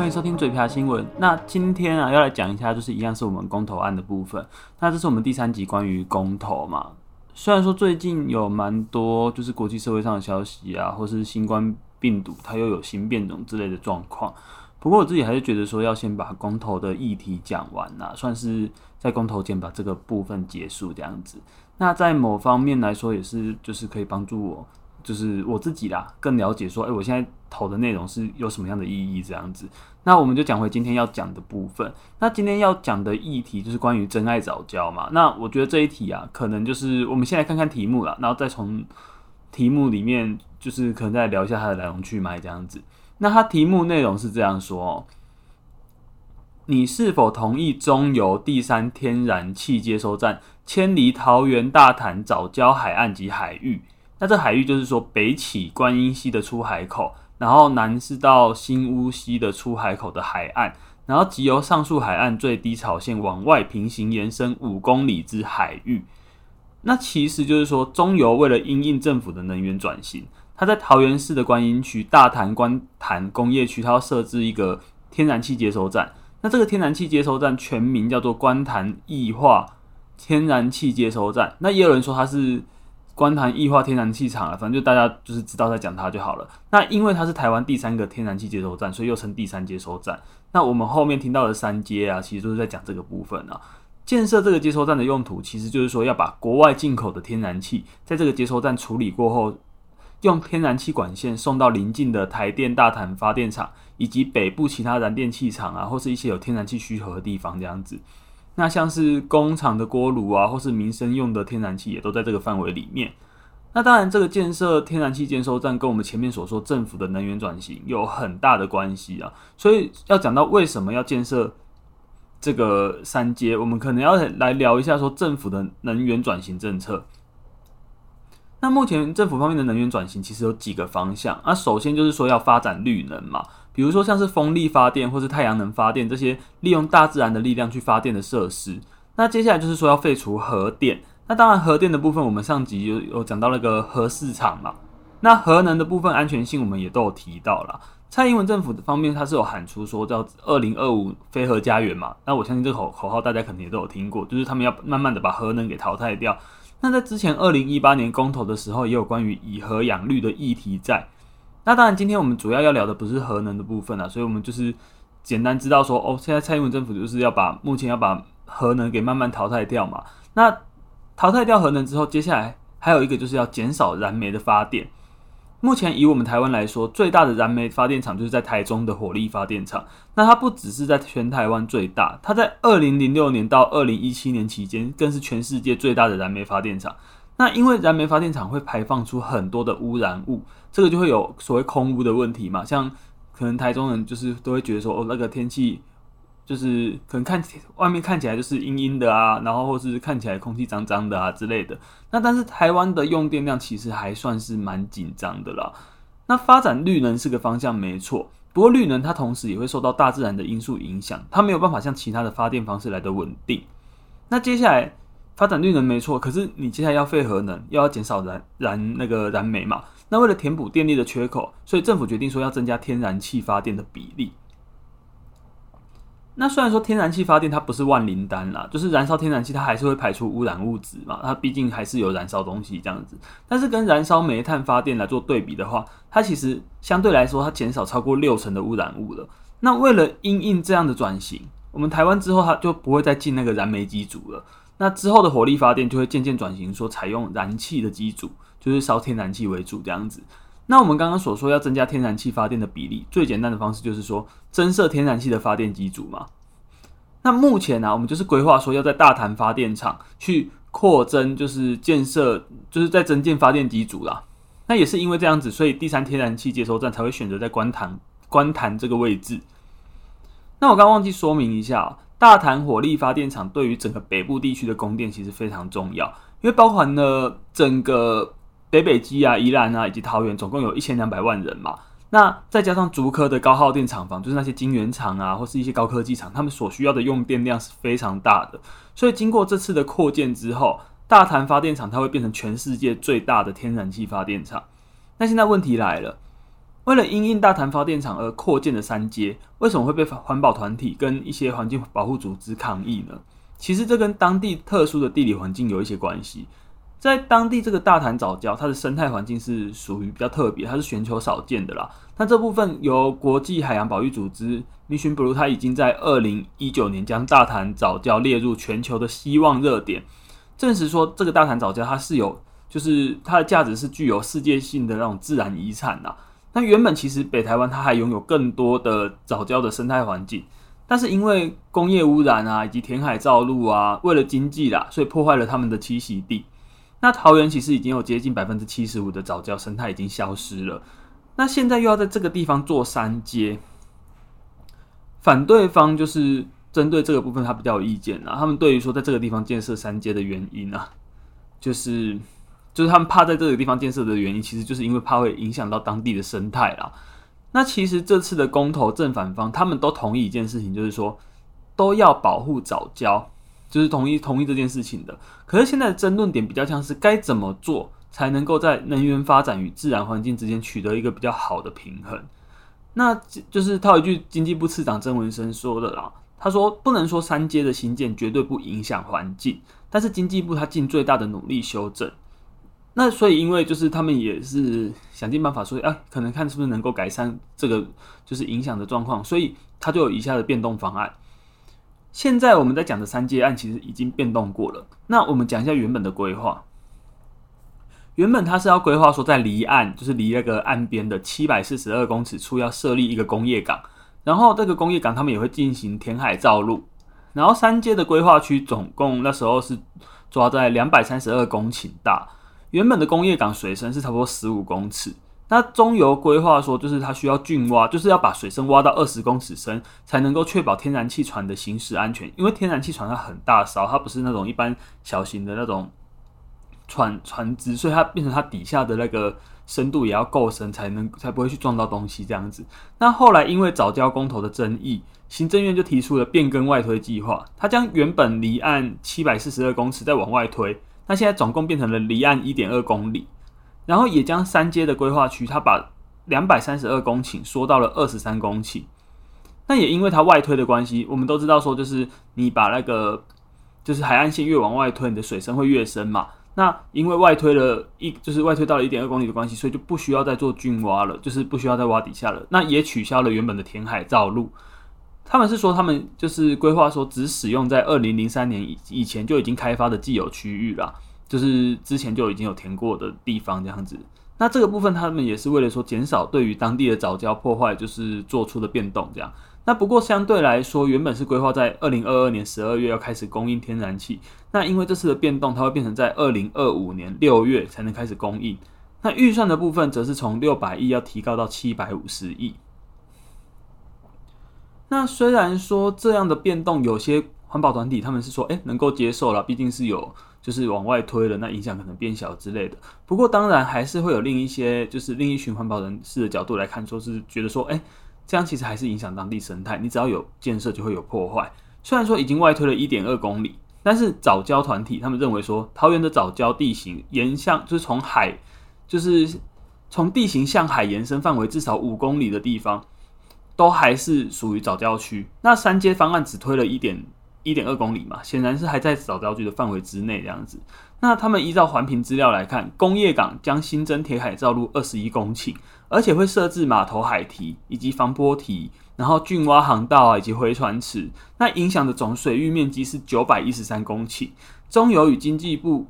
歡迎收聽嘴瓢新聞。那今天啊，要來講一下，就是一樣是我們公投案的部分。那這是我們第三集關於公投嘛。雖然說最近有蠻多就是國際社會上的消息啊，或是新冠病毒它又有新變種之類的狀況。不過我自己還是覺得說，要先把公投的議題講完了啊，算是在公投前把這個部分結束這樣子。那在某方面來說，也是就是可以幫助我。就是我自己啦，更了解，說，誒、欸，我現在投的內容是有什麼樣的意義？這樣子。那我們就講回今天要講的部分。那今天要講的議題就是關於珍愛藻礁嘛。那我覺得這一題啊，可能就是我們先來看看題目啦，然後再從題目裡面就是可能再聊一下它的來龍去脈這樣子。那它題目內容是這樣說：你是否同意中油第三天然氣接收站遷離桃園大潭藻礁海岸及海域？那這海域就是說，北起觀音溪的出海口，然後南是到新屋溪的出海口的海岸，然後即由上述海岸最低潮線往外平行延伸五公里之海域。那其實就是說，中油為了因應政府的能源轉型，它在桃園市的觀音區大潭觀塘工業區，它要設置一個天然氣接收站。那這個天然氣接收站全名叫做觀塘液化天然氣接收站。那也有人說它是。觀塘液化天然氣廠了，反正就大家就是知道在講它就好了。那因為它是台灣第三個天然氣接收站，所以又稱第三接收站。那我們後面聽到的三接啊，其實就是在講這個部分啊。建設這個接收站的用途，其實就是說要把國外進口的天然氣，在這個接收站處理過後，用天然氣管線送到鄰近的台電大潭發電廠以及北部其他燃電氣廠啊，或是一些有天然氣需求的地方，這樣子。那像是工廠的鍋爐啊，或是民生用的天然氣，也都在這個範圍裡面。那當然，這個建設天然氣接收站跟我們前面所說政府的能源轉型有很大的關係啊。所以要講到為什麼要建設這個三接，我們可能要來聊一下說政府的能源轉型政策。那目前政府方面的能源轉型其實有幾個方向，啊，那首先就是說要發展綠能嘛。比如說像是風力發電或是太陽能發電，這些利用大自然的力量去發電的設施，那接下來就是說要廢除核電。那當然，核電的部分我們上集有有講到那個核市場嘛。那核能的部分安全性我們也都有提到了。蔡英文政府的方面，它是有喊出說叫“二零二五非核家園”嘛。那我相信這個口口號大家肯定也都有聽過，就是他們要慢慢的把核能給淘汰掉。那在之前二零一八年公投的時候，也有關於以核養綠的議題在。那當然，今天我們主要要聊的不是核能的部分啊，所以我們就是簡單知道說，哦，現在蔡英文政府就是要把目前要把核能給慢慢淘汰掉嘛。那淘汰掉核能之後，接下來還有一個就是要減少燃煤的發電。目前以我們台灣來說，最大的燃煤發電廠就是在台中的火力發電廠。那它不只是在全台灣最大，它在二零零六年到二零一七年期間，更是全世界最大的燃煤發電廠。那因為燃煤發電廠會排放出很多的污染物。這個就會有所謂空污的問題嘛，像可能台中人就是都會覺得說，哦，那個天氣就是可能看外面看起來就是陰陰的啊，然後或是看起來空氣髒髒的啊之類的。那但是台灣的用電量其實還算是蠻緊張的啦。那發展綠能是個方向沒錯，不過綠能它同時也會受到大自然的因素影響，它沒有辦法像其他的發電方式來得穩定。那接下來發展綠能沒錯，可是你接下來要廢核能，又要減少燃燃那個燃煤嘛。那為了填補電力的缺口，所以政府決定說要增加天然氣發電的比例。那雖然說天然氣發電它不是萬靈丹啦，就是燃燒天然氣它還是會排出污染物質嘛，它畢竟還是有燃燒東西這樣子。但是跟燃燒煤炭發電來做對比的話，它其實相對來說它減少超過六成的污染物了。那為了因應這樣的轉型，我們台灣之後它就不會再進那個燃煤機組了。那之後的火力發電就會漸漸轉型，說採用燃氣的機組，就是燒天然氣為主這樣子。那我們剛剛所說要增加天然氣發電的比例，最簡單的方式就是說增設天然氣的發電機組嘛。那目前呢，啊，我們就是規劃說要在大潭發電廠去擴增，就是建設，就是在增建發電機組啦。那也是因為這樣子，所以第三天然氣接收站才會選擇在觀塘觀塘這個位置。那我剛忘記說明一下啊。大潭火力發電廠對於整個北部地區的供電其實非常重要，因為包含了整個北北基啊、宜蘭啊以及桃園，總共有一千兩百萬人嘛。那再加上竹科的高耗電廠房，就是那些晶圓廠啊，或是一些高科技廠，他們所需要的用電量是非常大的。所以經過這次的擴建之後，大潭發電廠它會變成全世界最大的天然氣發電廠。那現在問題來了。為了因應大潭發電廠而擴建的三接，為什麼會被環保團體跟一些環境保護組織抗議呢？其實這跟當地特殊的地理環境有一些關係。在當地這個大潭藻礁它的生態環境是屬於比較特別，它是全球少見的啦。那這部分由國際海洋保育組織 Mission Blue 它已經在二零一九年將大潭藻礁列入全球的希望熱點，證實說這個大潭藻礁它是有，就是它的價值是具有世界性的那種自然遺產吶。那原本其實北台灣它還擁有更多的藻礁的生態環境，但是因為工業污染啊，以及填海造陸啊，為了經濟啦，所以破壞了他們的棲息地。那桃園其實已經有接近百分之七十五的藻礁生態已經消失了。那現在又要在這個地方做三接，反對方就是針對這個部分他比較有意見啦。他們對於說在這個地方建設三接的原因啊，就是。就是他們怕在這個地方建設的原因，其實就是因為怕會影響到當地的生態啦。那其實這次的公投正反方他們都同意一件事情，就是說都要保護藻礁，就是同意同意這件事情的。可是現在的爭論點比較像是該怎麼做才能夠在能源發展與自然環境之間取得一個比較好的平衡。那就是套一句經濟部次長曾文生說的啦，他說不能說三接的新建絕對不影響環境，但是經濟部他盡最大的努力修正。那所以，因為就是他們也是想盡辦法說啊，可能看是不是能夠改善這個就是影響的狀況，所以他就有以下的變動方案。現在我們在講的三接案其實已經變動過了。那我們講一下原本的規劃，原本他是要規劃說在離岸，就是離那個岸邊的七百四十二公尺處要設立一個工業港，然後這個工業港他們也會進行填海造陸。然後三接的規劃區總共那時候是抓在兩百三十二公頃大。原本的工業港水深是差不多十五公尺，那中油規劃說就是它需要浚挖，就是要把水深挖到二十公尺深，才能夠確保天然氣船的行駛安全。因為天然氣船它很大艘，它不是那種一般小型的那種船船只，所以它變成它底下的那個深度也要夠深，才能才不會去撞到東西這樣子。那後來因為藻礁公投的爭議，行政院就提出了變更外推計劃，它將原本離岸七百四十二公尺再往外推。那現在總共變成了離岸一點二公里，然後也將三接的規劃區，它把兩百三十二公頃縮到了二十三公頃。那也因為它外推的關係，我們都知道說，就是你把那個就是海岸線越往外推，你的水深會越深嘛。那因為外推了一，就是外推到了一點二公里的關係，所以就不需要再做浚挖了，就是不需要再挖底下了。那也取消了原本的填海造陸。他們是說，他們就是規劃說，只使用在二零零三年以以前就已經開發的既有區域啦。就是之前就已經有填過的地方這樣子。那這個部分他們也是為了說減少對於當地的藻礁破壞，就是做出的變動這樣。那不過相對來說，原本是規劃在二零二二年十二月要開始供應天然氣，那因為這次的變動，它會變成在二零二五年六月才能開始供應。那預算的部分則是從六百億要提高到七百五十億。那雖然說這樣的變動，有些環保團體他們是說，哎，能夠接受了，畢竟是有就是往外推了，那影響可能變小之類的。不過當然還是會有另一些，就是另一群環保人士的角度來看，說是覺得說，哎，這樣其實還是影響當地生態。你只要有建設就會有破壞。雖然說已經外推了一點二公里，但是藻礁團體他們認為說，桃園的藻礁地形沿向就是從海，就是從地形向海延伸範圍至少五公里的地方，都還是屬於藻礁區，那三接方案只推了一點一點二公里嘛，顯然是還在藻礁區的範圍之內這樣子。那他們依照環評資料來看，工業港將新增填海造陸二十一公頃，而且會設置碼頭海堤、以及防波堤，然後浚挖航道啊，以及回船池，那影響的總水域面積是九百一十三公頃。中油與經濟部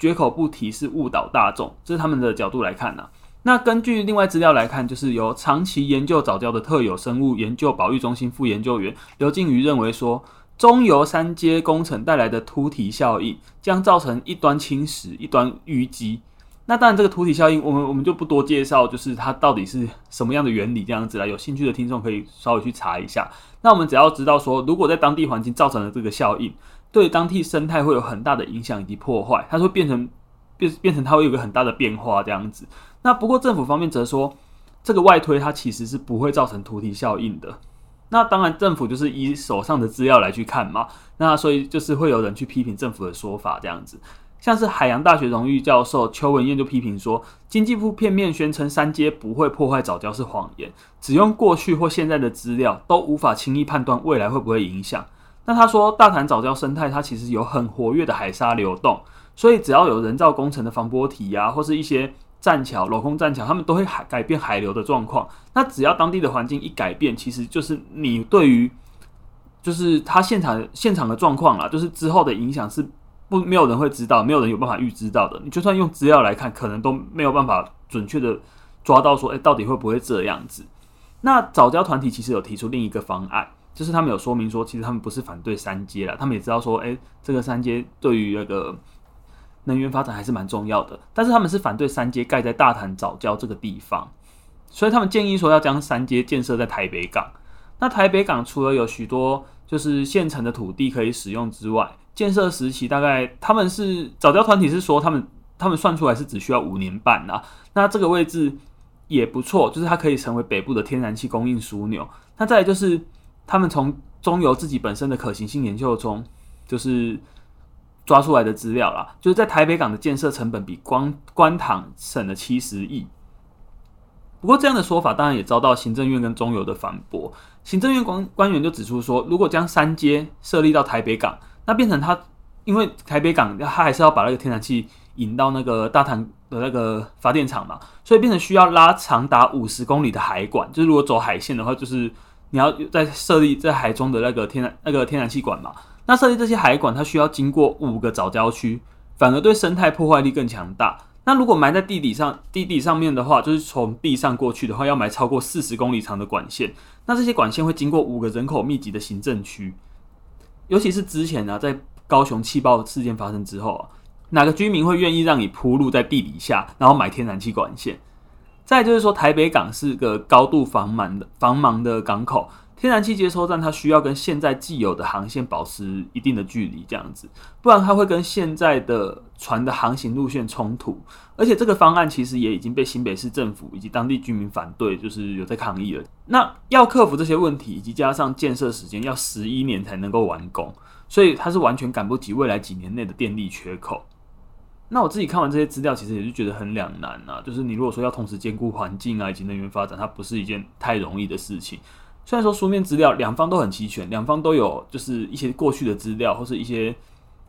絕口不提是誤導大眾，這是他們的角度來看呢、啊。那根據另外資料來看，就是由長期研究藻礁的特有生物研究保育中心副研究員劉靜榆認為說，中油三接工程帶來的突堤效應，將造成一端侵蝕、一端淤積。那當然，這個突堤效應，我們我們就不多介紹，就是它到底是什麼樣的原理這樣子啦。有興趣的聽眾可以稍微去查一下。那我們只要知道說，如果在當地環境造成了這個效應，對當地生態會有很大的影響以及破壞，它會變成。變變成它會有一個很大的變化這樣子，那不過政府方面則說，這個外推它其實是不會造成突堤效應的。那當然政府就是以手上的資料來去看嘛，那所以就是會有人去批評政府的說法這樣子。像是海洋大學榮譽教授邱文彥就批評說，經濟部片面宣稱三接不會破壞藻礁是謊言，只用過去或現在的資料都無法輕易判斷未來會不會影響。那他說，大潭藻礁生態它其實有很活躍的海沙流動。所以只要有人造工程的防波堤呀、啊，或是一些棧橋、鏤空棧橋，他們都會改變海流的狀況。那只要當地的環境一改變，其實就是你對於就是他現場現場的狀況啦，就是之後的影響是不沒有人會知道，沒有人有辦法預知到的。你就算用資料來看，可能都沒有辦法準確的抓到說，誒、欸，到底會不會這樣子？那藻礁團體其實有提出另一個方案，就是他們有說明說，其實他們不是反對三接了，他們也知道說，誒、欸，這個三接對於那個。能源發展還是蠻重要的，但是他們是反對三接蓋在大潭藻礁這個地方，所以他們建議說要將三接建設在台北港。那台北港除了有許多就是現成的土地可以使用之外，建設時期大概他們是藻礁團體是說他們他們算出來是只需要五年半啊。那這個位置也不錯，就是它可以成為北部的天然氣供應樞紐。那再來就是他們從中油自己本身的可行性研究中，就是，抓出來的資料啦，就是在台北港的建設成本比觀塘，省了七十億。不過這樣的說法當然也遭到行政院跟中油的反駁。行政院官官員就指出說，如果將三接設立到台北港，那變成他因為台北港他還是要把那個天然氣引到那個大潭的那個發電廠嘛，所以變成需要拉長達五十公里的海管，就是、如果走海線的話，就是你要在設立在海中的那個天然那個天然氣管嘛。那設計這些海管，它需要經過五個藻礁區，反而對生態破壞力更強大。那如果埋在地底上，地底上面的話，就是從地上過去的話，要埋超過四十公里長的管線。那這些管線會經過五個人口密集的行政區，尤其是之前呢、啊，在高雄氣爆事件發生之後啊，哪個居民會願意讓你鋪路在地底下，然後埋天然氣管線？再就是說，台北港是個高度繁忙的繁忙的港口。天然氣接收站，它需要跟現在既有的航線保持一定的距離，這樣子，不然它會跟現在的船的航行路線衝突。而且這個方案其實也已經被新北市政府以及當地居民反對，就是有在抗議了。那要克服這些問題，以及加上建設時間要十一年才能夠完工，所以它是完全趕不及未來幾年內的電力缺口。那我自己看完這些資料，其實也是覺得很兩難啊。就是你如果說要同時兼顧環境啊以及能源發展，它不是一件太容易的事情。雖然說書面資料兩方都很齊全，兩方都有就是一些過去的資料或是一些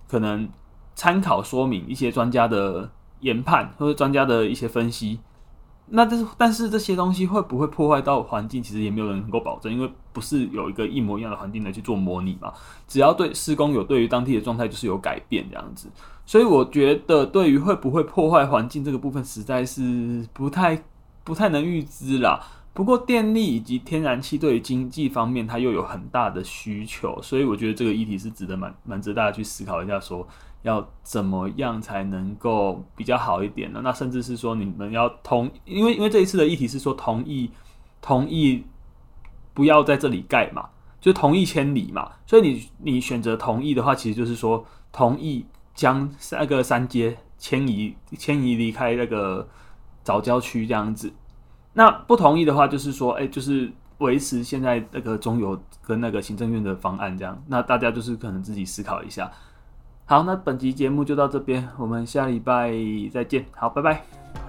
可能參考說明，一些專家的研判或者專家的一些分析，那但是但是這些東西會不會破壞到環境，其實也沒有人能夠保證，因為不是有一個一模一樣的環境來去做模擬嘛。只要對施工有對於當地的狀態就是有改變這樣子，所以我覺得對於會不會破壞環境這個部分，實在是不太不太能預知啦。不過電力以及天然氣對於經濟方面，它又有很大的需求，所以我覺得這個議題是值得蠻蠻值得大家去思考一下，說要怎麼樣才能夠比較好一點呢？那甚至是說你們要同，因為因為這一次的議題是說同意同意不要在這裡蓋嘛，就同意遷離嘛，所以你你選擇同意的話，其實就是說同意將三個三接遷移遷移離開那個藻礁區這樣子。那不同意的話，就是說，哎、欸，就是維持現在那個中油跟那個行政院的方案這樣。那大家就是可能自己思考一下。好，那本集節目就到這邊，我們下禮拜再見。好，拜拜。